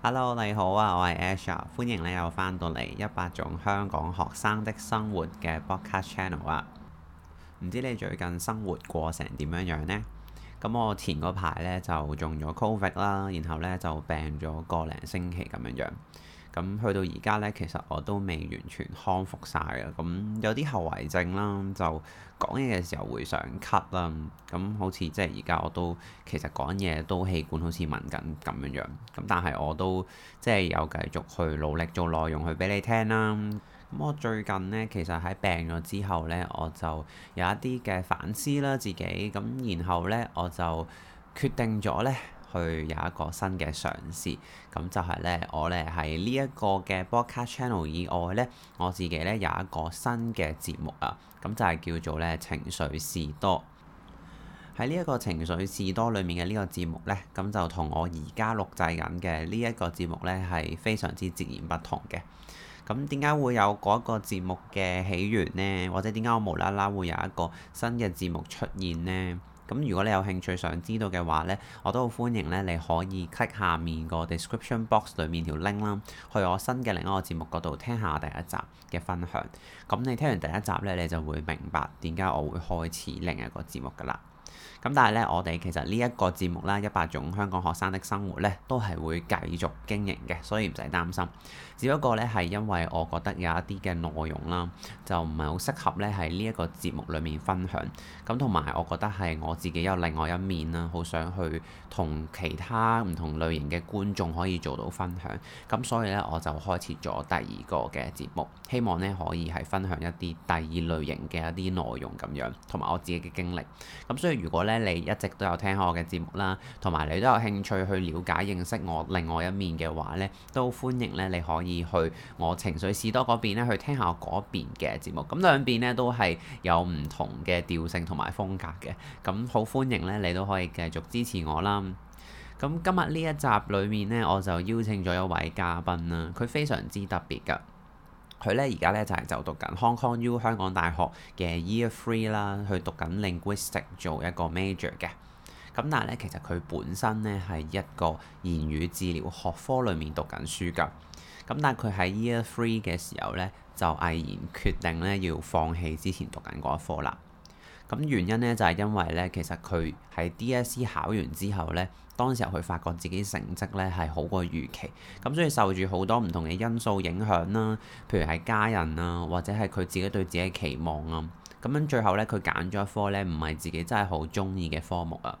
Hello，你好啊，我係 Ash 歡迎你又翻到嚟《一百種香港學生的生活》嘅 Podcast Channel 啊！唔知你最近生活過成點樣樣呢？咁我前個排呢就中咗 Covid 啦，然後呢就病咗個零星期咁樣樣。咁去到而家呢，其實我都未完全康復晒呀。咁有啲後遺症啦，就講嘢嘅時候會想咳啦。咁好似即係而家我都其實講嘢都氣管好似敏感咁樣樣。咁但係我都即係有繼續去努力做內容去俾你聽啦。咁我最近呢，其實喺病咗之後呢，我就有一啲嘅反思啦，自己咁，然後呢，我就決定咗呢，去有一個新嘅嘗試，咁就係呢。我呢喺呢一個嘅波卡 channel 以外呢我自己呢有一個新嘅節目啊，咁就係叫做呢情緒士多。喺呢一個情緒士多裡面嘅呢個節目呢，咁就同我而家錄製緊嘅呢一個節目呢係非常之截然不同嘅。咁點解會有嗰一個節目嘅起源呢？或者點解我無啦啦會有一個新嘅節目出現呢？咁如果你有興趣想知道嘅話呢，我都好歡迎呢，你可以 click 下面個 description box 裏面條 link 啦，去我新嘅另一個節目嗰度聽下我第一集嘅分享。咁你聽完第一集呢，你就會明白點解我會開始另一個節目㗎喇。咁但係呢，我哋其實呢一個節目啦，《一百種香港學生的生活》呢，都係會繼續經營嘅，所以唔使擔心。只不過咧，係因為我覺得有一啲嘅內容啦，就唔係好適合咧，喺呢一個節目裡面分享。咁同埋我覺得係我自己有另外一面啦，好想去同其他唔同類型嘅觀眾可以做到分享。咁所以咧，我就開始咗第二個嘅節目，希望咧可以係分享一啲第二類型嘅一啲內容咁樣，同埋我自己嘅經歷。咁所以如果咧你一直都有聽我嘅節目啦，同埋你都有興趣去了解認識我另外一面嘅話咧，都歡迎咧你可以，去我情緒士多嗰邊咧，去聽下我嗰邊嘅節目。咁兩邊咧都係有唔同嘅調性同埋風格嘅。咁好歡迎咧，你都可以繼續支持我啦。咁今日呢一集裏面呢，我就邀請咗一位嘉賓啦。佢非常之特別㗎，佢咧而家咧就係、是、就讀緊 Hong Kong U 香港大學嘅 Year Three 啦，去讀緊 Linguistic 做一個 major 嘅。咁但係咧，其實佢本身咧係一個言語治療學科裏面讀緊書㗎。咁但係佢喺 year three 嘅時候呢，就毅然決定呢要放棄之前讀緊嗰一科啦。咁原因呢，就係因為呢，其實佢喺 DSE 考完之後呢，當時候佢發覺自己成績呢係好過預期，咁所以受住好多唔同嘅因素影響啦，譬如係家人啊，或者係佢自己對自己嘅期望啊，咁樣最後呢，佢揀咗一科呢唔係自己真係好鍾意嘅科目啊。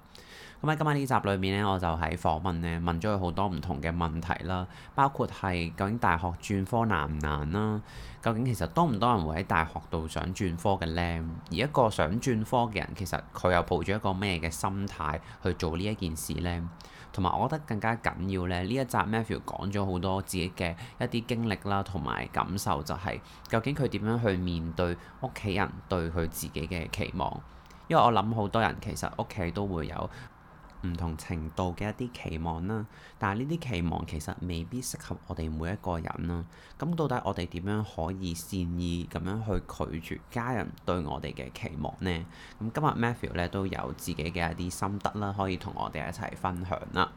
咁喺今晚呢集裏面呢，我就喺訪問呢問咗佢好多唔同嘅問題啦，包括係究竟大學轉科難唔難啦？究竟其實多唔多人會喺大學度想轉科嘅呢？而一個想轉科嘅人，其實佢又抱住一個咩嘅心態去做呢一件事呢？同埋我覺得更加緊要呢，呢一集 Matthew 講咗好多自己嘅一啲經歷啦，同埋感受，就是，就係究竟佢點樣去面對屋企人對佢自己嘅期望？因為我諗好多人其實屋企都會有。唔同程度嘅一啲期望啦，但係呢啲期望其實未必適合我哋每一個人啦。咁到底我哋點樣可以善意咁樣去拒絕家人對我哋嘅期望呢？咁今日，Matthew 咧都有自己嘅一啲心得啦，可以同我哋一齊分享啦。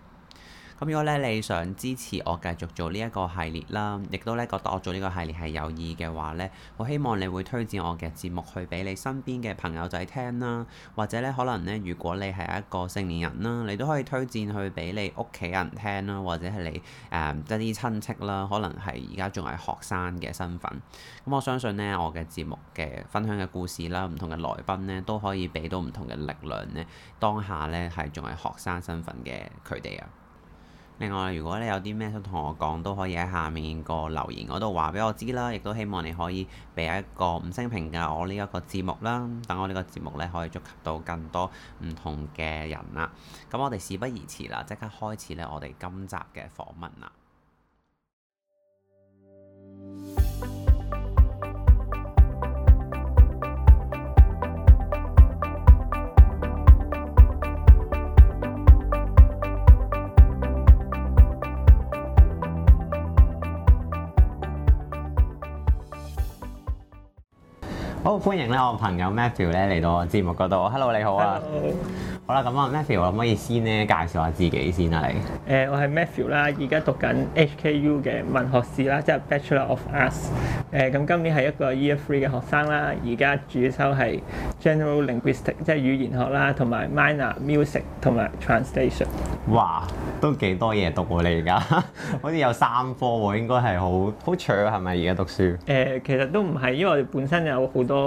咁如果咧，你想支持我繼續做呢一個系列啦，亦都咧覺得我做呢個系列係有意義嘅話咧，我希望你會推薦我嘅節目去俾你身邊嘅朋友仔聽啦，或者咧可能咧，如果你係一個成年人啦，你都可以推薦去俾你屋企人聽啦，或者係你誒一啲親戚啦，可能係而家仲係學生嘅身份。咁我相信呢，我嘅節目嘅分享嘅故事啦，唔同嘅來賓呢，都可以俾到唔同嘅力量呢，當下呢，係仲係學生身份嘅佢哋啊。另外，如果你有啲咩想同我講，都可以喺下面個留言嗰度話俾我知啦。亦都希望你可以俾一個五星評價我呢一個節目啦，等我呢個節目咧可以觸及到更多唔同嘅人啦。咁我哋事不宜遲啦，即刻開始咧我哋今集嘅訪問啦。好歡迎咧，我朋友 Matthew 咧嚟到我節目嗰度。Hello，你好啊！Hello. 好啦，咁啊，Matthew 可唔可以先咧介紹下自己先、呃呃、啊？你？誒，我係 Matthew 啦，而家讀緊 HKU 嘅文學士啦，即係 Bachelor of Arts。誒，咁今年係一個 Year Three 嘅學生啦，而家主修係 General Linguistics，即係語言學啦，同埋 Minor Music 同埋 Translation。哇，都幾多嘢讀喎你而家？好似有三科喎，啊，應該係好好 challenging 係咪而家讀書？誒、呃，其實都唔係，因為我哋本身有好多。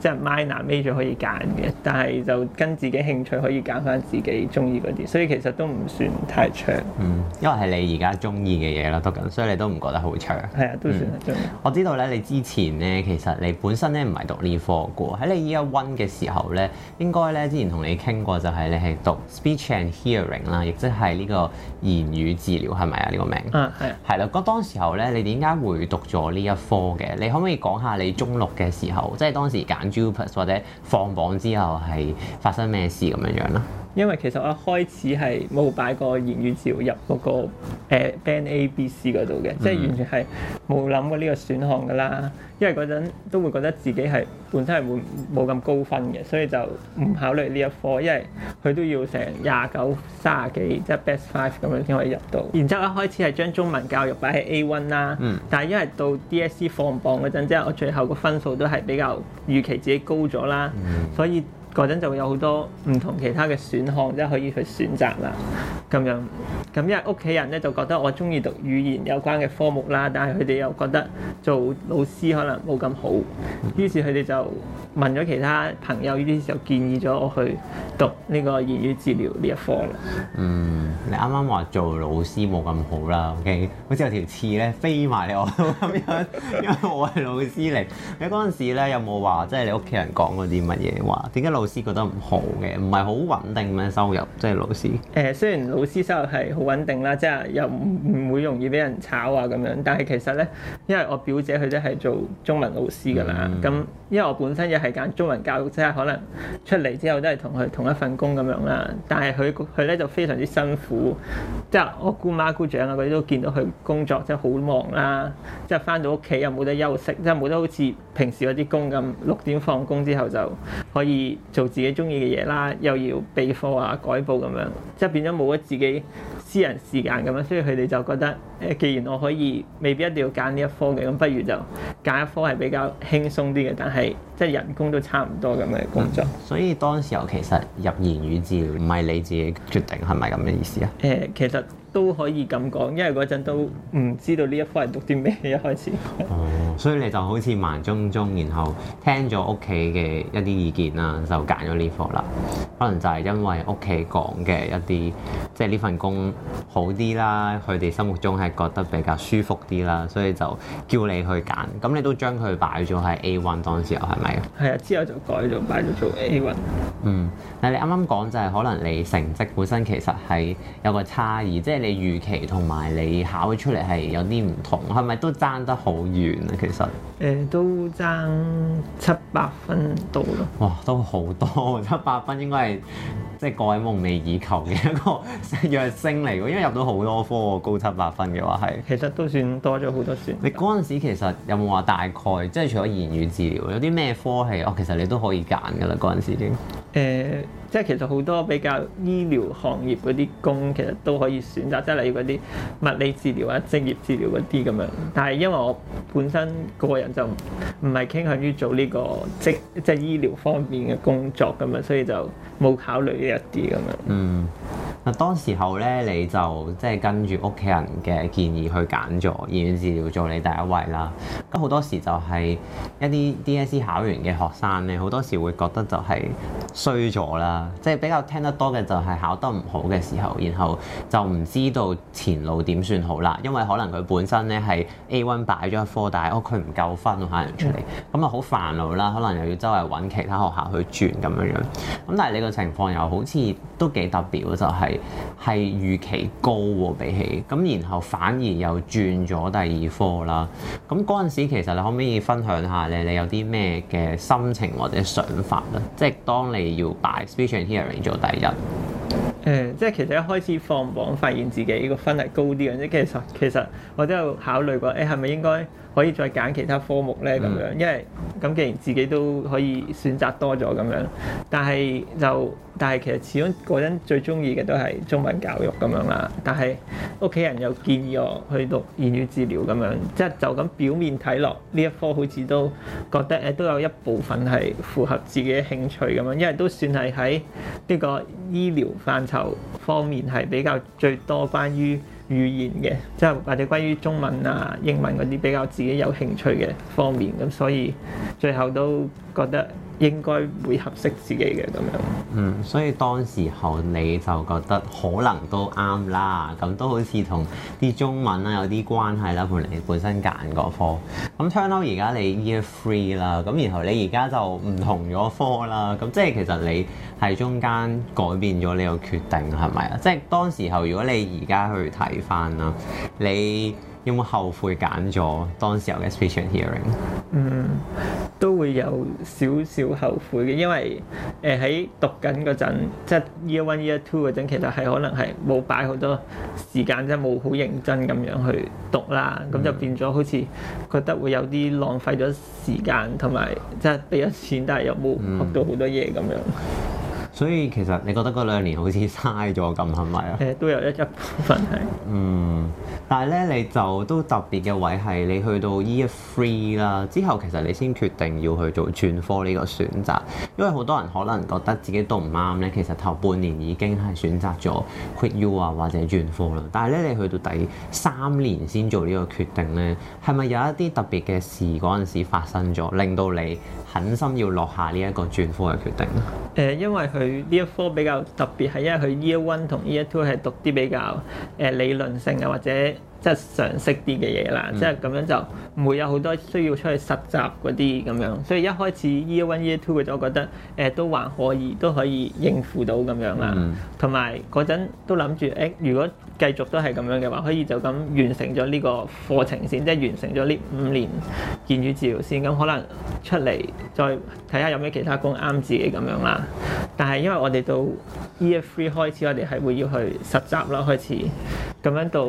即係 minor major 可以揀嘅，但係就跟自己興趣可以揀翻自己中意嗰啲，所以其實都唔算太長，嗯、因為係你而家中意嘅嘢啦，讀緊，所以你都唔覺得好長。係啊，都算係、嗯、我知道咧，你之前咧，其實你本身咧唔係讀呢科嘅，喺你依家 o 嘅時候咧，應該咧之前同你傾過，就係你係讀 speech and hearing 啦，亦即係呢個言語治療，係咪、這個、啊？呢個名啊，係係啦。咁當時候咧，你點解會讀咗呢一科嘅？你可唔可以講下你中六嘅時候即係當時揀 Jupas 或者放榜之後，係發生咩事咁樣樣啦。因為其實我一開始係冇擺過言語治療入嗰個 Band A B C 嗰度嘅，mm hmm. 即係完全係冇諗過呢個選項嘅啦。因為嗰陣都會覺得自己係本身係會冇咁高分嘅，所以就唔考慮呢一科，因為佢都要成廿九、三十幾，即係 Best Five 咁樣先可以入到。Mm hmm. 然之後一開始係將中文教育擺喺 A One 啦，mm hmm. 但係因為到 DSE 放榜嗰陣之後，就是、我最後個分數都係比較預期自己高咗啦，mm hmm. 所以。嗰陣就會有好多唔同其他嘅選項，即係可以去選擇啦，咁樣。咁因為屋企人咧就覺得我中意讀語言有關嘅科目啦，但係佢哋又覺得做老師可能冇咁好，於是佢哋就問咗其他朋友呢啲就建議咗我去讀呢個言語治療呢一科啦。嗯，你啱啱話做老師冇咁好啦，OK？好似有條刺咧飛埋嚟我咁樣， 因為我係老師嚟。你嗰陣時咧有冇話即係你屋企人講過啲乜嘢話？點解老？老師覺得唔好嘅，唔係好穩定咩收入，即係老師。誒，雖然老師收入係好穩定啦，即係又唔唔會容易俾人炒啊咁樣，但係其實咧，因為我表姐佢都係做中文老師㗎啦，咁，嗯，因為我本身又係揀中文教育，即係可能出嚟之後都係同佢同一份工咁樣啦。但係佢佢咧就非常之辛苦，即係我姑媽姑丈啊嗰啲都見到佢工作即係好忙啦，即係翻到屋企又冇得休息，即係冇得好似平時嗰啲工咁六點放工之後就可以。做自己中意嘅嘢啦，又要備課啊、改報咁樣，即係變咗冇咗自己私人時間咁樣，所以佢哋就覺得誒，既然我可以未必一定要揀呢一科嘅，咁不如就揀一科係比較輕鬆啲嘅，但係即係人工都差唔多咁嘅工作。嗯。所以當時候其實入言語治療唔係你自己決定，係咪咁嘅意思啊？誒、呃，其實。都可以咁講，因為嗰陣都唔知道呢一科係讀啲咩，一開始。哦，所以你就好似盲中中，然後聽咗屋企嘅一啲意見啦，就揀咗呢科啦。可能就係因為屋企講嘅一啲，即係呢份工好啲啦，佢哋心目中係覺得比較舒服啲啦，所以就叫你去揀。咁你都將佢擺咗喺 A1，當時候係咪？係啊，之後就改咗擺咗做 A1。嗯，但你啱啱講就係可能你成績本身其實係有個差異，即係你嘅預期同埋你考出嚟係有啲唔同，係咪都爭得好遠啊？其實誒、呃，都爭七百分到咯。哇，都好多七百分應該，應該係即係各位夢寐以求嘅一個躍升嚟喎。因為入到好多科高七百分嘅話係，其實都算多咗好多分。你嗰陣時其實有冇話大概，即係除咗言語治療，有啲咩科係哦？其實你都可以揀噶啦，嗰陣時已經。誒、呃，即係其實好多比較醫療行業嗰啲工，其實都可以選擇，即係例如嗰啲物理治療啊、職業治療嗰啲咁樣。但係因為我本身個人就唔係傾向於做呢、呢個職即係醫療方面嘅工作咁樣，所以就冇考慮呢一啲咁樣。嗯。嗱，當時候咧，你就即係跟住屋企人嘅建議去揀咗醫院治療做你第一位啦。咁好多時就係一啲 DSE 考完嘅學生咧，好多時會覺得就係衰咗啦，即係比較聽得多嘅就係考得唔好嘅時候，然後就唔知道前路點算好啦。因為可能佢本身咧係 A one 擺咗一科，但係哦佢唔夠分可能出嚟，咁啊好煩惱啦。可能又要周圍揾其他學校去轉咁樣樣。咁但係你個情況又好似都幾特別嘅，就係。係預期高喎，比起咁，然後反而又轉咗第二科啦。咁嗰陣時，其實你可唔可以分享下你你有啲咩嘅心情或者想法咧？即係當你要擺 Speech and Hearing 做第一，誒、呃，即係其實一開始放榜發現自己個分係高啲嘅，即係其實其實我都有考慮過，誒，係咪應該？可以再揀其他科目呢？咁樣，因為咁既然自己都可以選擇多咗咁樣，但係就但係其實始終個人最中意嘅都係中文教育咁樣啦。但係屋企人又建議我去讀言語治療咁樣，即係就咁表面睇落呢一科好似都覺得誒都有一部分係符合自己興趣咁樣，因為都算係喺呢個醫療範疇方面係比較最多關於語言嘅，即係或者關於中文啊、英文嗰啲比較自己有興趣嘅方面，咁所以最後都覺得應該會合適自己嘅咁樣。嗯，所以當時候你就覺得可能都啱啦，咁都好似同啲中文啦、啊、有啲關係啦，譬如你本身揀嗰科。咁 turn 而家你 year three 啦，咁然後你而家就唔同咗科啦，咁即係其實你係中間改變咗你個決定係咪啊？即係當時候如果你而家去睇翻啦，你。有冇後悔揀咗當時候嘅 speech and hearing？嗯，都會有少少後悔嘅，因為誒喺、呃、讀緊嗰陣，即係 year one year two 嗰陣，其實係可能係冇擺好多時間，即係冇好認真咁樣去讀啦，咁、嗯、就變咗好似覺得會有啲浪費咗時間同埋即係俾咗錢，但係又冇學到好多嘢咁、嗯、樣。所以其實你覺得嗰兩年好似嘥咗咁，係咪啊？誒，都有一一部分係。嗯，但係咧，你就都特別嘅位係你去到 year three 啦，之後其實你先決定要去做轉科呢個選擇，因為好多人可能覺得自己都唔啱咧。其實頭半年已經係選擇咗 quit u 啊，或者轉科啦。但係咧，你去到第三年先做呢個決定咧，係咪有一啲特別嘅事嗰陣時發生咗，令到你狠心要落下呢一個轉科嘅決定啊？誒，因為去。佢呢一科比較特別係因為佢 year one 同 year two 係讀啲比較誒、呃、理論性嘅或者即係常識啲嘅嘢啦，即係咁樣就唔會有好多需要出去實習嗰啲咁樣，所以一開始 year one year two 我就覺得誒、呃、都還可以都可以應付到咁樣啦，同埋嗰陣都諗住誒如果繼續都係咁樣嘅話，可以就咁完成咗呢個課程先，即、就、係、是、完成咗呢五年言語治療先，咁可能出嚟再睇下有咩其他工啱自己咁樣啦，但係，因為我哋到 Year Three 開始，我哋係會要去實習啦。開始咁樣到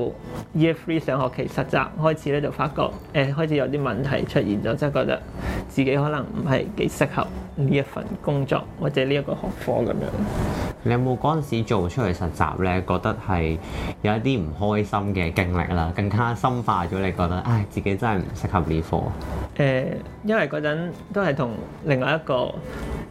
Year Three 上學期實習開始咧，就發覺誒、呃、開始有啲問題出現咗，即係覺得自己可能唔係幾適合。呢一份工作或者呢一個學科咁樣，你有冇嗰陣時做出去實習咧？覺得係有一啲唔開心嘅經歷啦，更加深化咗你覺得，唉、哎，自己真係唔適合呢科。誒、嗯，因為嗰陣都係同另外一個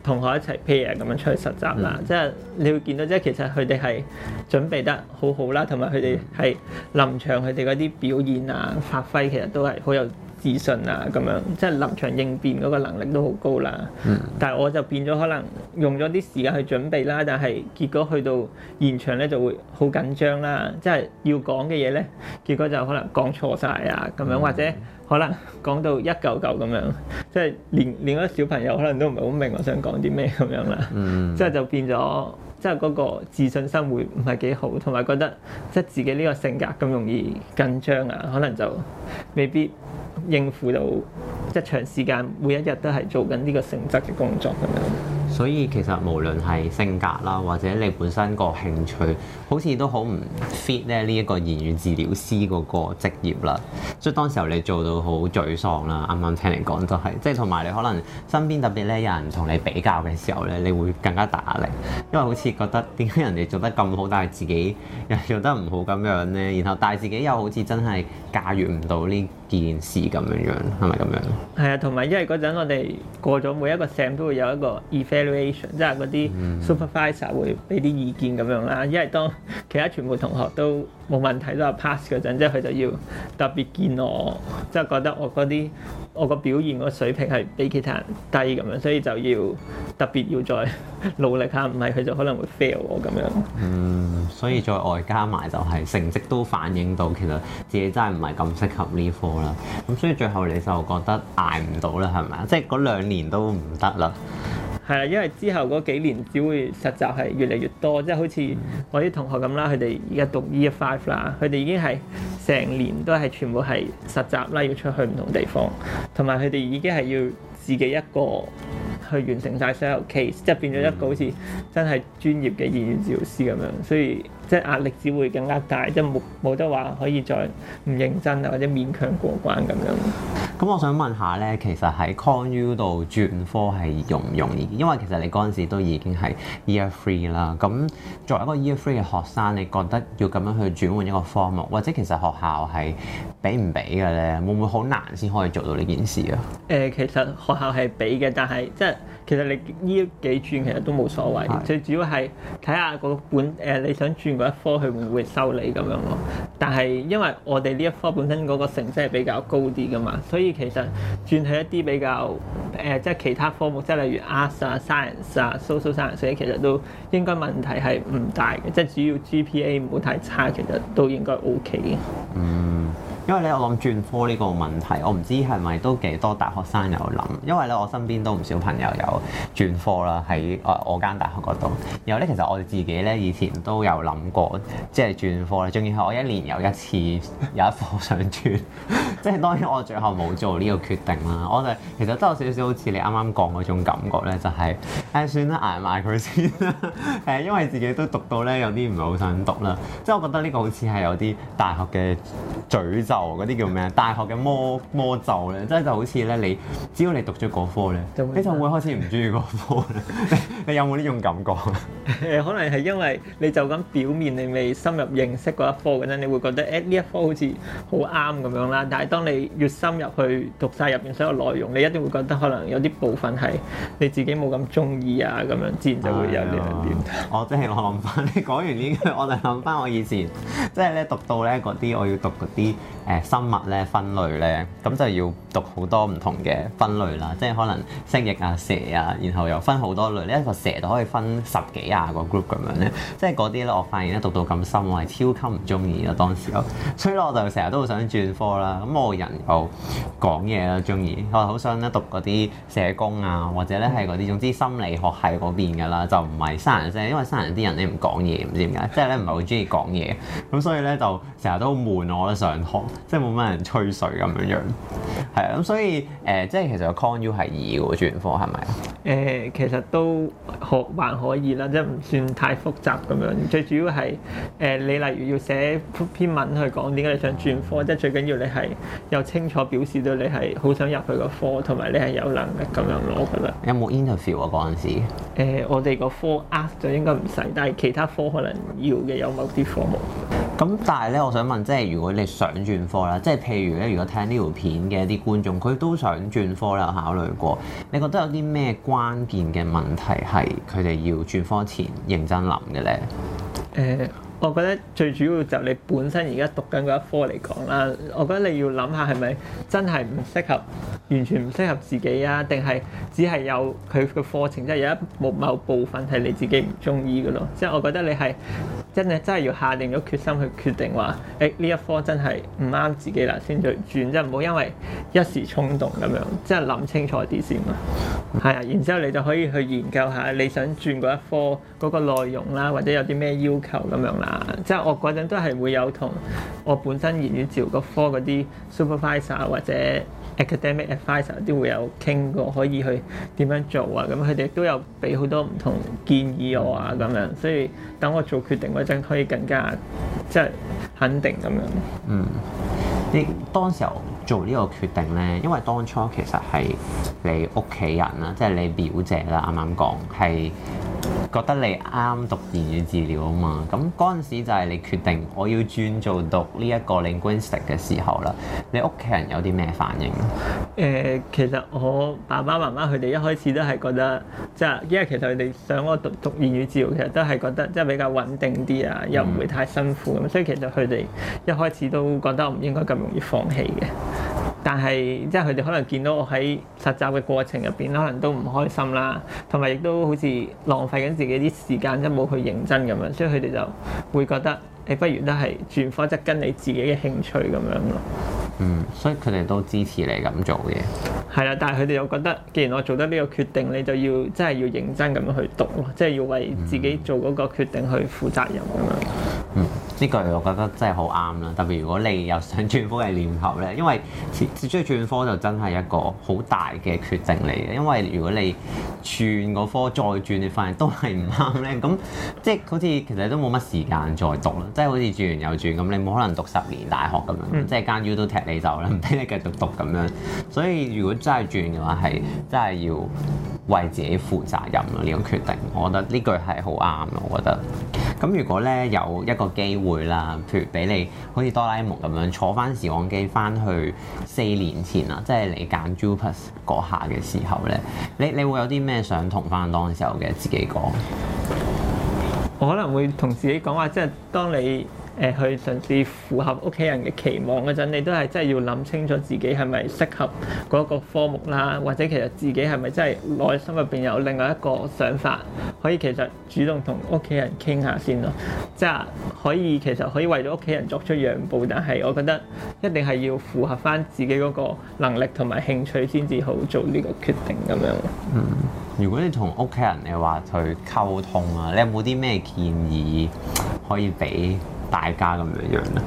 同學一齊譬如咁樣出去實習啦，嗯、即係你會見到，即係其實佢哋係準備得好好啦，同埋佢哋係臨場佢哋嗰啲表演啊、發揮其實都係好有自信啊，咁樣即係臨場應變嗰個能力都好高啦。嗯、但係我就變咗可能用咗啲時間去準備啦，但係結果去到現場咧就會好緊張啦，即係要講嘅嘢咧，結果就可能講錯晒啊咁樣，嗯、或者可能講到一嚿嚿咁樣，即係連連嗰小朋友可能都唔係好明我想講啲咩咁樣啦、嗯。即係就變咗。即係嗰個自信心會唔係幾好，同埋覺得即係自己呢個性格咁容易緊張啊，可能就未必應付到即係長時間，每一日都係做緊呢個性質嘅工作咁樣。所以其實無論係性格啦，或者你本身個興趣，好似都好唔 fit 咧呢一個言語治療師嗰個職業啦。所以當時候你做到好沮喪啦，啱啱聽你講就係，即係同埋你可能身邊特別咧有人同你比較嘅時候咧，你會更加大壓力，因為好似覺得點解人哋做得咁好，但係自己又做得唔好咁樣呢？然後但係自己又好似真係駕馭唔到呢。件事咁樣樣係咪咁樣？係啊，同埋因為嗰陣我哋過咗每一個 sem 都會有一個 evaluation，即係嗰啲 supervisor 會俾啲意見咁樣啦。因為當其他全部同學都冇問題都係 pass 嗰陣，即係佢就要特別見我，即係覺得我嗰啲我個表現個水平係比其他人低咁樣，所以就要特別要再努力下，唔係佢就可能會 fail 我咁樣。嗯，所以再外加埋就係成績都反映到，其實自己真係唔係咁適合呢科啦。咁所以最後你就覺得捱唔到啦，係咪啊？即係嗰兩年都唔得啦。係啦，因為之後嗰幾年只會實習係越嚟越多，即係好似我啲同學咁啦，佢哋而家讀 Year Five 啦，佢哋已經係成年都係全部係實習啦，要出去唔同地方，同埋佢哋已經係要自己一個，去完成晒所有期，即係變咗一個好似真係專業嘅語言治療師咁樣，所以即係壓力只會更加大，即係冇冇得話可以再唔認真啊，或者勉強過關咁樣。咁、嗯、我想問下咧，其實喺 ConU 度轉科係容唔容易？因為其實你嗰陣時都已經係 Year Three 啦。咁作為一個 Year Three 嘅學生，你覺得要咁樣去轉換一個科目，或者其實學校係俾唔俾嘅咧？會唔會好難先可以做到呢件事啊？誒、呃，其實學校係俾嘅，但係即係。其實你呢幾轉其實都冇所謂，是最主要係睇下個本誒、呃、你想轉嗰一科，佢會唔會收你咁樣咯？但係因為我哋呢一科本身嗰個成績係比較高啲㗎嘛，所以其實轉去一啲比較誒，即、呃、係其他科目，即係例如 Arts 啊、Science 啊、Social Science，其實都應該問題係唔大嘅，即係主要 GPA 唔好太差，其實都應該 OK 嘅。嗯。因為咧，我諗轉科呢個問題，我唔知係咪都幾多大學生有諗。因為咧，我身邊都唔少朋友有轉科啦，喺誒我間大學嗰度。然後咧，其實我哋自己咧以前都有諗過，即係轉科啦。仲要係我一年有一次 有一科想轉，即係當然我最後冇做呢個決定啦。我哋其實都有少少好似你啱啱講嗰種感覺咧，就係、是、誒、哎、算啦，捱埋佢先啦。誒， 因為自己都讀到咧有啲唔係好想讀啦。即係我覺得呢個好似係有啲大學嘅詛咒。嗰啲叫咩？大學嘅魔魔咒咧，即係就好似咧，你只要你讀咗嗰科咧，就會你就會開始唔中意嗰科。你有冇呢種感覺？呃、可能係因為你就咁表面你未深入認識嗰一科嘅咧，你會覺得誒呢、欸、一科好似好啱咁樣啦。但係當你越深入去讀晒入邊所有內容，你一定會覺得可能有啲部分係你自己冇咁中意啊咁樣，自然就會有呢兩點。一 我即係我諗翻，你講完呢句，我就諗翻我以前即係咧讀到咧嗰啲，我要讀嗰啲。誒、欸、生物咧分類咧，咁就要讀好多唔同嘅分類啦，即係可能蜥蜴啊、蛇啊，然後又分好多類。呢一個蛇都可以分十幾廿個 group 咁樣咧，即係嗰啲咧，我發現咧讀到咁深，我係超級唔中意咯當時咯，所以咧我就成日都好想轉科啦。咁我個人又講嘢啦，中意，我好想咧讀嗰啲社工啊，或者咧係嗰啲，總之心理學系嗰邊嘅啦，就唔係生人啫，因為生人啲人咧唔講嘢唔知點解，即係咧唔係好中意講嘢，咁所以咧就成日都悶我咧上堂。即係冇乜人吹水咁樣樣，係 啊，咁所以誒、呃，即係其實個 con u 係二嘅轉科係咪？誒、呃，其實都學還可以啦，即係唔算太複雜咁樣。最主要係誒、呃，你例如要寫篇文去講點解你想轉科，即係最緊要你係有清楚表示到你係好想入去個科，同埋你係有能力咁樣攞、啊呃。我覺得有冇 interview 啊嗰陣時？我哋個科 ask 就應該唔使，但係其他科可能要嘅有某啲科目。咁但係咧，我想問，即係如果你想轉科啦，即係譬如咧，如果聽呢條片嘅一啲觀眾，佢都想轉科咧，考慮過？你覺得有啲咩關鍵嘅問題係佢哋要轉科前認真諗嘅咧？誒、呃。我覺得最主要就你本身而家讀緊嗰一科嚟講啦，我覺得你要諗下係咪真係唔適合，完全唔適合自己啊？定係只係有佢個課程即係有一某某部分係你自己唔中意嘅咯？即係我覺得你係真係真係要下定咗決心去決定話，誒呢一科真係唔啱自己啦，先再轉，即係唔好因為一時衝動咁樣，即係諗清楚啲先啦。係啊，然之後你就可以去研究下你想轉嗰一科嗰個內容啦，或者有啲咩要求咁樣啦。即係我嗰陣都係會有同我本身語言治療科嗰啲 supervisor 或者 academic advisor 都會有傾過，可以去點樣做啊？咁佢哋都有俾好多唔同建議我啊咁樣，所以等我做決定嗰陣可以更加即係肯定咁樣。嗯，你當時候做呢個決定呢？因為當初其實係你屋企人啦，即係你表姐啦，啱啱講係。覺得你啱讀言語治療啊嘛，咁嗰陣時就係你決定我要轉做讀呢一個 linguistics 嘅時候啦。你屋企人有啲咩反應？誒、呃，其實我爸爸媽媽佢哋一開始都係覺得，即係因為其實佢哋想我讀讀言語治療，其實都係覺得即係比較穩定啲啊，又唔會太辛苦咁，嗯、所以其實佢哋一開始都覺得我唔應該咁容易放棄嘅。但係，即係佢哋可能見到我喺實習嘅過程入邊，可能都唔開心啦，同埋亦都好似浪費緊自己啲時間，即冇去認真咁樣，所以佢哋就會覺得你不如都係轉科，即跟你自己嘅興趣咁樣咯。嗯，所以佢哋都支持你咁做嘅，係啦。但係佢哋又覺得，既然我做得呢個決定，你就要真係要認真咁樣去讀咯，即、就、係、係、要為自己做嗰個決定去負責任咁樣。嗯，呢、嗯呢個我覺得真係好啱啦。特別如果你又想轉科嘅聯合咧，因為接接轉科就真係一個好大嘅決定嚟嘅。因為如果你轉嗰科再轉你科，你發現都係唔啱咧，咁即係好似其實都冇乜時間再讀啦。即係好似轉完又轉咁，你冇可能讀十年大學咁、嗯、樣，即係間 U 都踢。Tech 你就啦，唔俾你繼續讀咁樣。所以如果真係轉嘅話，係真係要為自己負責任咯。呢個決定，我覺得呢句係好啱咯。我覺得。咁如果咧有一個機會啦，譬如俾你好似哆啦 A 夢咁樣坐翻時光機翻去四年前啊，即係你揀 Jupas 嗰下嘅時候咧，你你會有啲咩想同翻當時候嘅自己講？我可能會同自己講話，即係當你。誒、呃、去嘗試符合屋企人嘅期望嗰陣，你都係真係要諗清楚自己係咪適合嗰個科目啦，或者其實自己係咪真係內心入邊有另外一個想法，可以其實主動同屋企人傾下先咯。即係可以其實可以為咗屋企人作出讓步，但係我覺得一定係要符合翻自己嗰個能力同埋興趣先至好做呢個決定咁樣。嗯，如果你同屋企人嘅話去溝通啊，你有冇啲咩建議可以俾？大家咁樣樣咧。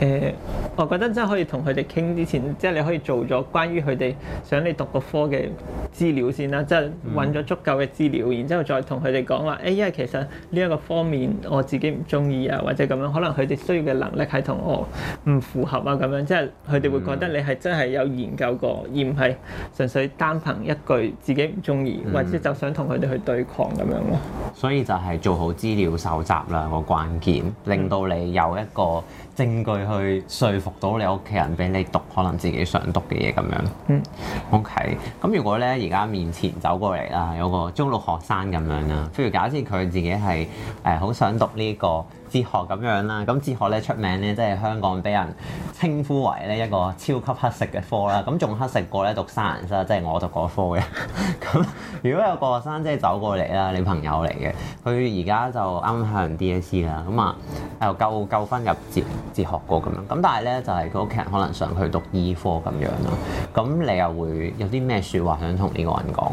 誒，uh, 我覺得真係可以同佢哋傾之前，即係你可以做咗關於佢哋想你讀個科嘅資料先啦，即係揾咗足夠嘅資料，然之後再同佢哋講話。誒、欸，因為其實呢一個方面我自己唔中意啊，或者咁樣，可能佢哋需要嘅能力係同我唔符合啊，咁樣即係佢哋會覺得你係真係有研究過，mm. 而唔係純粹單憑一句自己唔中意，或者就想同佢哋去對抗咁樣咯。所以就係做好資料搜集兩個關鍵，令到你有一個證據去説服到你屋企人俾你讀，可能自己想讀嘅嘢咁樣。嗯，OK。咁如果咧，而家面前走過嚟啦，有個中六學生咁樣啦，譬如假設佢自己係誒好想讀呢、呢個。哲學咁樣啦，咁哲學咧出名咧，即係香港俾人稱呼為咧一個超級乞食嘅科啦。咁仲乞食過咧讀三年生，即係我讀嗰科嘅。咁 如果有個學生即係走過嚟啦，你朋友嚟嘅，佢而家就啱向 DSE 啦，咁啊又夠夠分入哲哲學過咁樣。咁但係咧就係佢屋企人可能想佢讀醫科咁樣啦。咁你又會有啲咩説話想同呢個人講？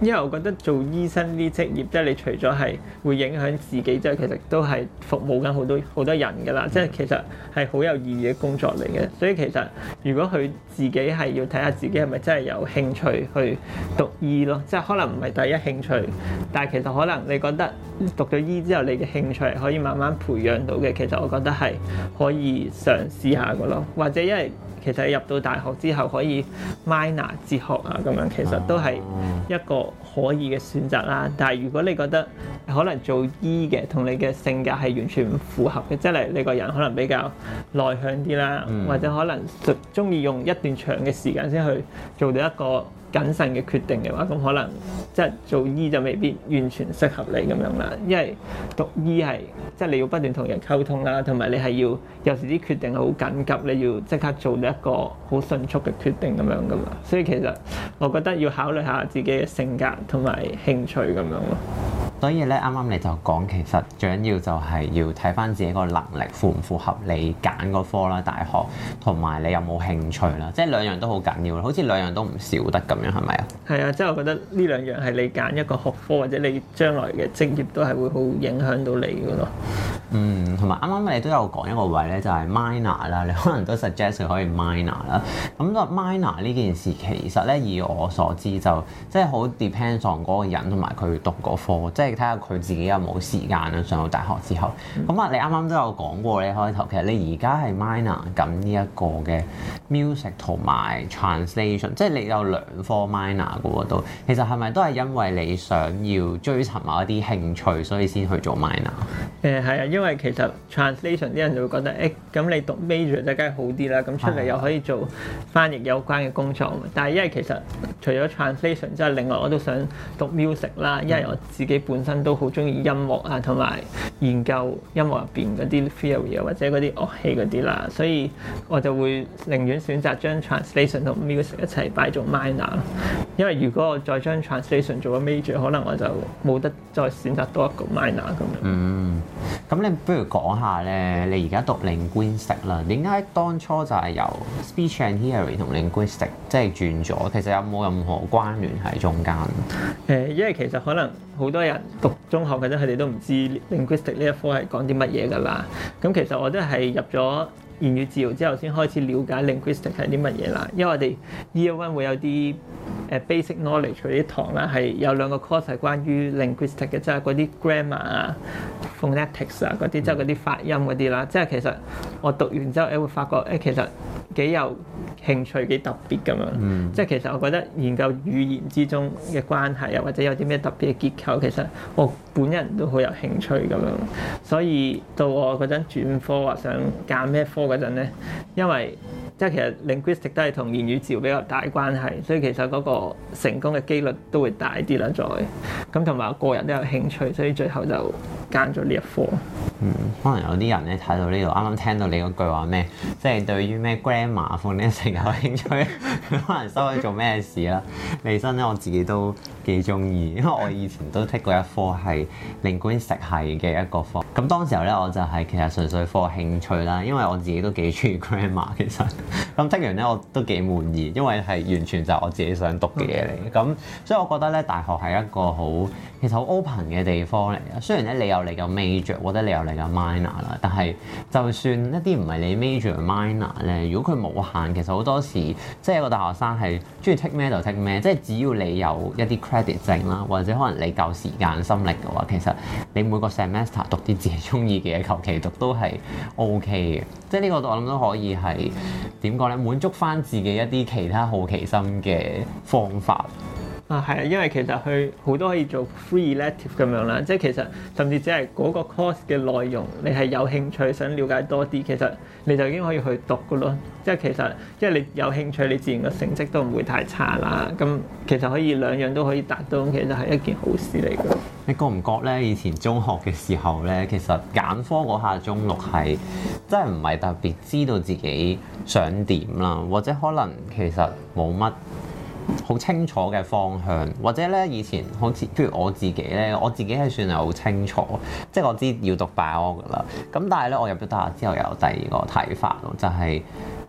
因為我覺得做醫生呢職業，即係你除咗係會影響自己，即係其實都係服務緊好多好多人㗎啦，即係其實係好有意義嘅工作嚟嘅。所以其實如果佢自己係要睇下自己係咪真係有興趣去讀醫咯，即係可能唔係第一興趣，但係其實可能你覺得讀咗醫之後，你嘅興趣係可以慢慢培養到嘅。其實我覺得係可以嘗試下㗎咯，或者因為，其實入到大學之後，可以 minor 哲學啊，咁樣其實都係一個可以嘅選擇啦。但係如果你覺得可能做醫嘅同你嘅性格係完全唔符合嘅，即係你個人可能比較內向啲啦，或者可能中意用一段長嘅時間先去做到一個謹慎嘅決定嘅話，咁可能即係、就是、做醫就未必完全適合你咁樣啦，因為讀醫係即係你要不斷同人溝通啦、啊，同埋你係要有時啲決定係好緊急，你要即刻做一個好迅速嘅決定咁樣噶嘛，所以其實我覺得要考慮下自己嘅性格同埋興趣咁樣咯。所以咧，啱啱你就講，其實最緊要就係要睇翻自己個能力符唔符合你揀嗰科啦，大學同埋你有冇興趣啦，即係兩樣都好緊要啦，好似兩樣都唔少得咁樣，係咪啊？係啊，即係我覺得呢兩樣係你揀一個學科或者你將來嘅職業都係會好影響到你噶咯。嗯，同埋啱啱你都有講一個位咧，就係 minor 啦，你可能都 suggest 可以 minor 啦。咁個 minor 呢件事其實咧，以我所知就即係好 depend on 嗰個人同埋佢讀嗰科，即係。你睇下佢自己有冇時間啦，上到大學之後，咁啊、嗯，你啱啱都有講過咧開頭其實你而家係 minor 咁呢一個嘅 music 同埋 translation，即係你有兩科 minor 噶都，其實係咪都係因為你想要追尋某一啲興趣，所以先去做 minor？誒係啊、嗯，因為其實 translation 啲人就會覺得誒咁你讀 major 就梗係好啲啦，咁出嚟又可以做翻譯有關嘅工作。嗯、但係因為其實除咗 translation 之外，另外我都想讀 music 啦，因為我自己本本身都好中意音樂啊，同埋研究音樂入邊嗰啲 feel 嘢，或者嗰啲樂器嗰啲啦，所以我就會寧願選擇將 translation 同 music 一齊擺做 minor。因為如果我再將 translation 做個 major，可能我就冇得再選擇多一個 minor 咁樣。嗯，咁你不如講下咧，你而家讀 linguistics 啦，點解當初就係由 speech and hearing 同 linguistics 即係轉咗？其實有冇任何關聯喺中間？誒，因為其實可能。好多人讀中學嘅，真係佢哋都唔知 linguistic 呢一科係講啲乜嘢噶啦。咁其實我都係入咗言語治療之後，先開始了解 linguistic 係啲乜嘢啦。因為我哋 year one 會有啲誒、uh, basic knowledge 嗰啲堂啦，係有兩個 course 係關於 linguistic 嘅，即係嗰啲 grammar 啊、phonetics 啊嗰啲，即係嗰啲發音嗰啲啦。即係其實我讀完之後，你、哎、會發覺誒、哎、其實幾有興趣幾特別咁樣，嗯、即係其實我覺得研究語言之中嘅關係啊，或者有啲咩特別嘅結構，其實我本人都好有興趣咁樣。所以到我嗰陣轉科或想揀咩科嗰陣呢，因為即係其實 linguistic 都係同言語治療比較大關係，所以其實嗰個成功嘅機率都會大啲啦。再咁同埋我個人都有興趣，所以最後就，揀咗呢一科，嗯，可能有啲人咧睇到呢度，啱啱聽到你嗰句話咩，即係對於咩 grammar 方成嘅興趣，可能收去做咩事啦？美身咧我自己都幾中意，因為我以前都踢過一科係靈觀食系嘅一個科，咁當時候咧我就係其實純粹課興趣啦，因為我自己都幾中意 grammar 其實，咁踢完咧我都幾滿意，因為係完全就係我自己想讀嘅嘢嚟，咁 Okay. 所以我覺得咧大學係一個好，其實好 open 嘅地方嚟嘅，雖然咧你有。你有 major，我覺得你有你個 minor 啦。但係就算一啲唔係你 major minor 咧，如果佢冇限，其實好多時即係個大學生係中意 take 咩就 take 咩，即係只要你有一啲 credit 證啦，或者可能你夠時間心力嘅話，其實你每個 semester 讀啲自己中意嘅嘢，求其讀都係 OK 嘅。即係呢個我諗都可以係點講咧？滿足返自己一啲其他好奇心嘅方法。啊，係啊，因為其實佢好多可以做 free elective 咁樣啦，即係其實甚至只係嗰個 course 嘅內容，你係有興趣想了解多啲，其實你就已經可以去讀噶咯。即係其實，即係你有興趣，你自然個成績都唔會太差啦。咁其實可以兩樣都可以達到，其實係一件好事嚟㗎。你覺唔覺呢？以前中學嘅時候呢，其實揀科嗰下中六係真係唔係特別知道自己想點啦，或者可能其實冇乜好清楚嘅方向，或者呢，以前好似，譬如我自己呢，我自己係算係好清楚，即係我知要讀 Bio 噶啦。咁但係呢，我入咗大學之後又有第二個睇法咯，就係、是、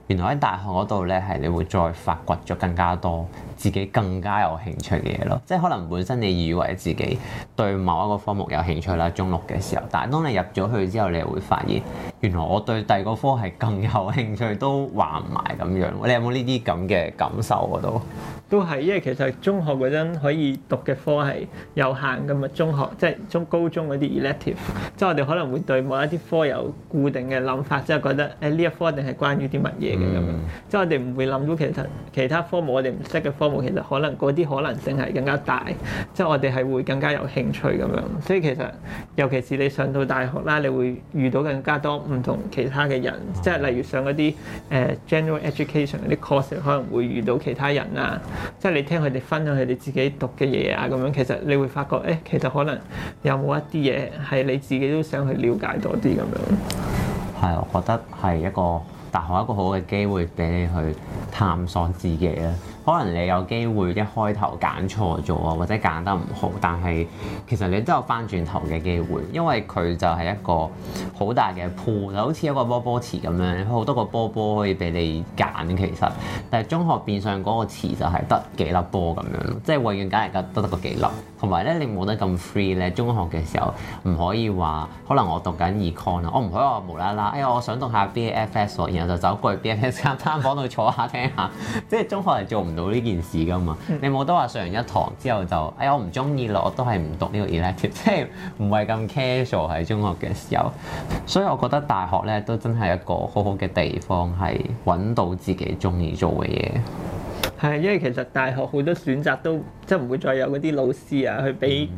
原來喺大學嗰度呢，係你會再發掘咗更加多。自己更加有興趣嘅嘢咯，即係可能本身你以為自己對某一個科目有興趣啦，中六嘅時候，但係當你入咗去之後，你又會發現原來我對第二個科系更有興趣，都話唔埋咁樣，你有冇呢啲咁嘅感受啊？都都係，因為其實中學嗰陣可以讀嘅科系有限嘅嘛。中學即係中高中嗰啲 elective，即係我哋可能會對某一啲科有固定嘅諗法，即係覺得誒呢一科一定係關於啲乜嘢嘅咁樣。即係我哋唔會諗到其實其他科目我哋唔識嘅科。其實可能嗰啲可能性係更加大，即係我哋係會更加有興趣咁樣。所以其實尤其是你上到大學啦，你會遇到更加多唔同其他嘅人，即係例如上嗰啲誒 general education 嗰啲 course，可能會遇到其他人啊。即係你聽佢哋分享佢哋自己讀嘅嘢啊，咁樣其實你會發覺誒，其實可能有冇一啲嘢係你自己都想去了解多啲咁樣。係，我覺得係一個大學一個好嘅機會俾你去探索自己啊。可能你有機會一開頭揀錯咗啊，或者揀得唔好，但係其實你都有翻轉頭嘅機會，因為佢就係一個好大嘅鋪，就好似一個波波池咁樣，好多個波波可以俾你揀。其實，但係中學變相嗰個池就係得幾粒波咁樣，即係永遠揀嚟噶都得個幾粒。同埋咧，你冇得咁 free 咧，中學嘅時候唔可以話，可能我讀緊 Econ 啊，我唔可以話無啦啦，哎呀我想讀下 BFS 喎，然後就走過去 BFS 間單房度坐下聽下，即係中學係做唔做呢件事噶嘛？ 你冇得話上完一堂之後就，哎我唔中意咯，我都係唔讀呢個 elective，即係唔係咁 casual 喺中學嘅時候，所以我覺得大學咧都真係一個好好嘅地方，係揾到自己中意做嘅嘢。係，因為其實大學好多選擇都即係唔會再有嗰啲老師啊，去俾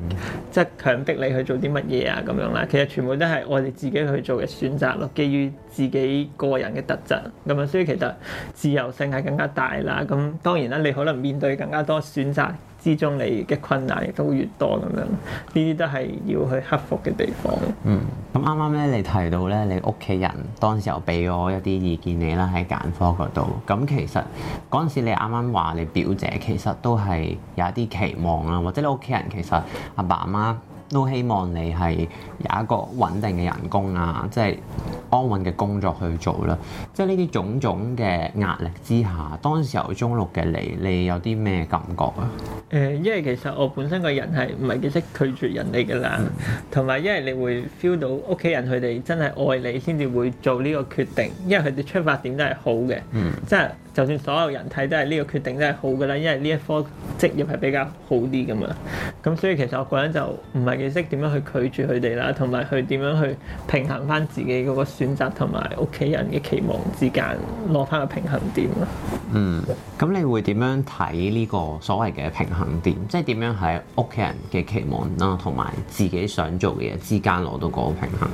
即係強迫你去做啲乜嘢啊咁樣啦。其實全部都係我哋自己去做嘅選擇咯，基於自己個人嘅特質咁啊。所以其實自由性係更加大啦。咁當然啦，你可能面對更加多選擇。之中，你嘅困難亦都越多咁樣，呢啲都係要去克服嘅地方。嗯，咁啱啱咧，你提到咧，你屋企人當時候俾我一啲意見你啦，喺揀科嗰度。咁其實嗰陣時，你啱啱話你表姐其實都係有一啲期望啦，或者你屋企人，其實阿爸阿媽,媽。都希望你係有一個穩定嘅人工啊，即係安穩嘅工作去做啦。即係呢啲種種嘅壓力之下，當時候中六嘅你，你有啲咩感覺啊？誒，因為其實我本身個人係唔係幾識拒絕人哋嘅啦，同埋、嗯、因為你會 feel 到屋企人佢哋真係愛你先至會做呢個決定，因為佢哋出發點都係好嘅，嗯，即係。就算所有人睇都係呢個決定都係好噶啦，因為呢一科職業係比較好啲㗎嘛。咁所以其實我個人就唔係幾識點樣去拒絕佢哋啦，同埋去點樣去平衡翻自己嗰個選擇同埋屋企人嘅期望之間攞翻個平衡點咯。嗯，咁你會點樣睇呢個所謂嘅平衡點？即係點樣喺屋企人嘅期望啦，同埋自己想做嘅嘢之間攞到嗰個平衡？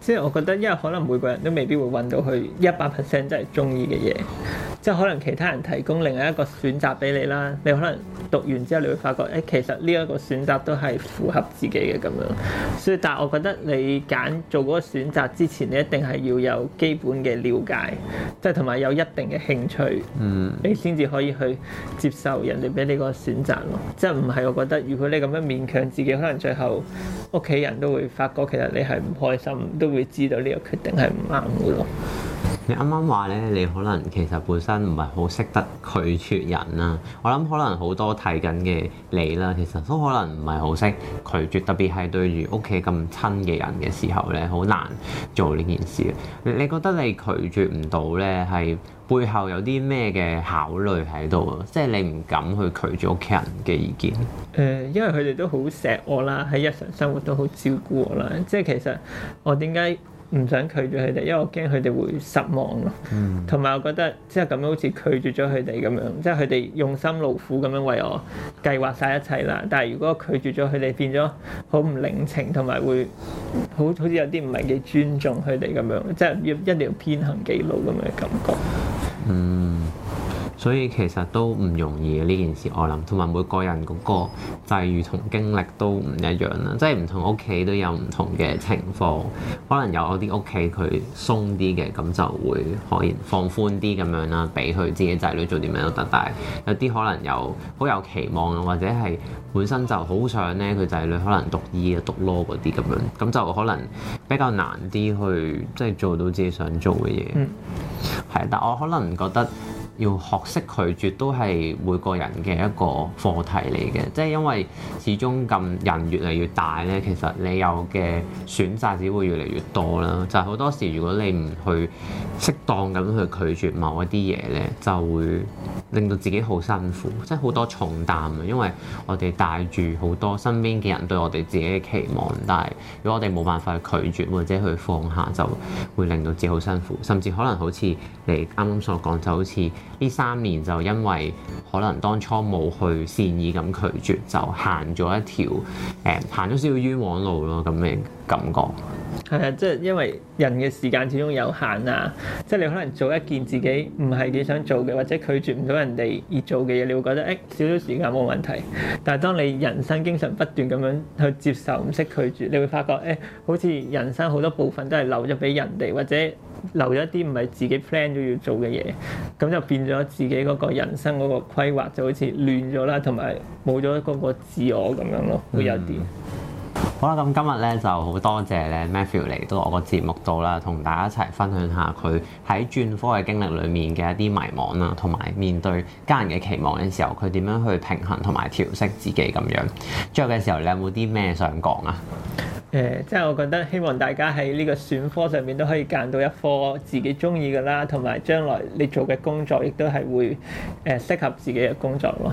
即係我覺得，因為可能每個人都未必會揾到佢一百 percent 真係中意嘅嘢。即係可能其他人提供另外一個選擇俾你啦，你可能讀完之後你會發覺，誒、哎、其實呢一個選擇都係符合自己嘅咁樣。所以但係我覺得你揀做嗰個選擇之前，你一定係要有基本嘅了解，即係同埋有一定嘅興趣，你先至可以去接受人哋俾你個選擇咯。即係唔係我覺得，如果你咁樣勉強自己，可能最後屋企人都會發覺其實你係唔開心，都會知道呢個決定係唔啱嘅咯。你啱啱話咧，你可能其實本身唔係好識得拒絕人啦。我諗可能好多睇緊嘅你啦，其實都可能唔係好識拒絕，特別係對住屋企咁親嘅人嘅時候咧，好難做呢件事。你，你覺得你拒絕唔到咧，係背後有啲咩嘅考慮喺度啊？即係你唔敢去拒絕屋企人嘅意見。誒、呃，因為佢哋都好錫我啦，喺日常生活都好照顧我啦。即係其實我點解唔想拒絕佢哋，因為我驚佢哋會失望咯。同埋、嗯、我覺得，即係咁樣好似拒絕咗佢哋咁樣，即係佢哋用心勞苦咁樣為我計劃晒一切啦。但係如果拒絕咗佢哋，變咗好唔領情，同埋會好好似有啲唔係幾尊重佢哋咁樣，即係要一定要偏行己路咁嘅感覺。嗯。所以其實都唔容易嘅呢件事，我諗同埋每個人嗰個際遇同經歷都唔一樣啦，即係唔同屋企都有唔同嘅情況，可能有啲屋企佢鬆啲嘅，咁就會可以放寬啲咁樣啦，俾佢自己仔女做啲咩都得。但係有啲可能有好有期望，或者係本身就好想咧，佢仔女可能讀醫啊、讀 law 嗰啲咁樣，咁就可能比較難啲去即係、就是、做到自己想做嘅嘢。嗯，係，但我可能覺得。要學識拒絕都係每個人嘅一個課題嚟嘅，即係因為始終咁人越嚟越大呢，其實你有嘅選擇只會越嚟越多啦。就係好多時，如果你唔去適當咁去拒絕某一啲嘢呢，就會令到自己好辛苦，即係好多重擔啊。因為我哋帶住好多身邊嘅人對我哋自己嘅期望，但係如果我哋冇辦法去拒絕或者去放下，就會令到自己好辛苦，甚至可能好似你啱啱所講，就好似～呢三年就因為可能當初冇去善意咁拒絕，就行咗一條，誒，行咗少少冤枉路囉，咁樣。感覺係啊，即係因為人嘅時間始終有限啊，即係你可能做一件自己唔係幾想做嘅，或者拒絕唔到人哋而做嘅嘢，你會覺得誒、哎、少少時間冇問題。但係當你人生經常不斷咁樣去接受，唔識拒絕，你會發覺誒、哎，好似人生好多部分都係留咗俾人哋，或者留咗一啲唔係自己 plan 都要做嘅嘢，咁就變咗自己嗰個人生嗰個規劃就好似亂咗啦，同埋冇咗嗰個自我咁樣咯，會有啲。嗯。好啦，咁今日咧就好多謝咧 Matthew 嚟到我個節目度啦，同大家一齊分享下佢喺轉科嘅經歷裏面嘅一啲迷茫啦，同埋面對家人嘅期望嘅時候，佢點樣去平衡同埋調適自己咁樣。最後嘅時候，你有冇啲咩想講啊？誒、嗯，即係我覺得希望大家喺呢個選科上面都可以揀到一科自己中意嘅啦，同埋將來你做嘅工作亦都係會誒適、呃、合自己嘅工作咯。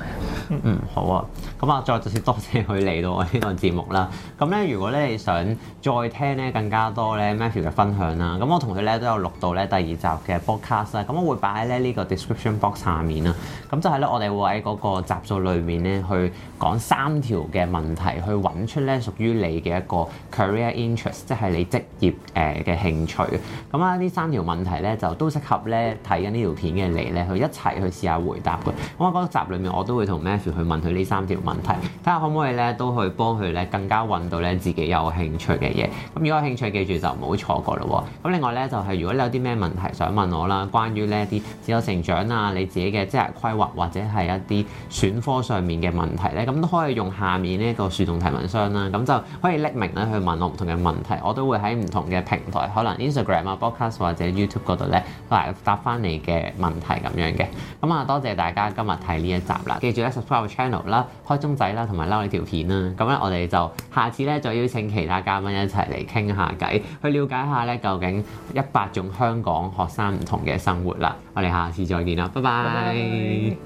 嗯，好啊，咁啊，再再次多謝佢嚟到我呢個節目啦。咁咧，如果咧你想再聽咧更加多咧 Matthew 嘅分享啦，咁我同佢咧都有錄到咧第二集嘅 Podcast 啦，咁我會擺喺咧呢個 Description box 下面啦。咁就係咧，我哋會喺嗰集數裏面咧去講三條嘅問題去揾出咧屬於你嘅一個 career interest，即係你職業誒嘅興趣。咁啊，呢三條問題咧就都適合咧睇緊呢條片嘅你咧去一齊去試下回答嘅。咁啊個集裏面我都會同 Matthew 去問佢呢三條問題，睇下可唔可以咧都去幫佢咧更加揾到咧自己有興趣嘅嘢，咁如果有興趣，記住就唔好錯過咯。咁另外咧、就是，就係如果你有啲咩問題想問我啦，關於呢一啲自我成長啊，你自己嘅職業規劃或者係一啲選科上面嘅問題咧，咁都可以用下面呢一個樹洞提問箱啦，咁就可以匿名咧去問我唔同嘅問題，我都會喺唔同嘅平台，可能 Instagram 啊、Podcast 或者 YouTube 度咧，都埋答翻你嘅問題咁樣嘅。咁啊，多謝大家今日睇呢一集啦，記住咧 subscribe 我 channel 啦，開鐘仔啦，同埋嬲你條片啦。咁咧，我哋就下。就邀請其他嘉賓一齊嚟傾下偈，去了解下咧究竟一百種香港學生唔同嘅生活啦！我哋下次再見啦，拜拜。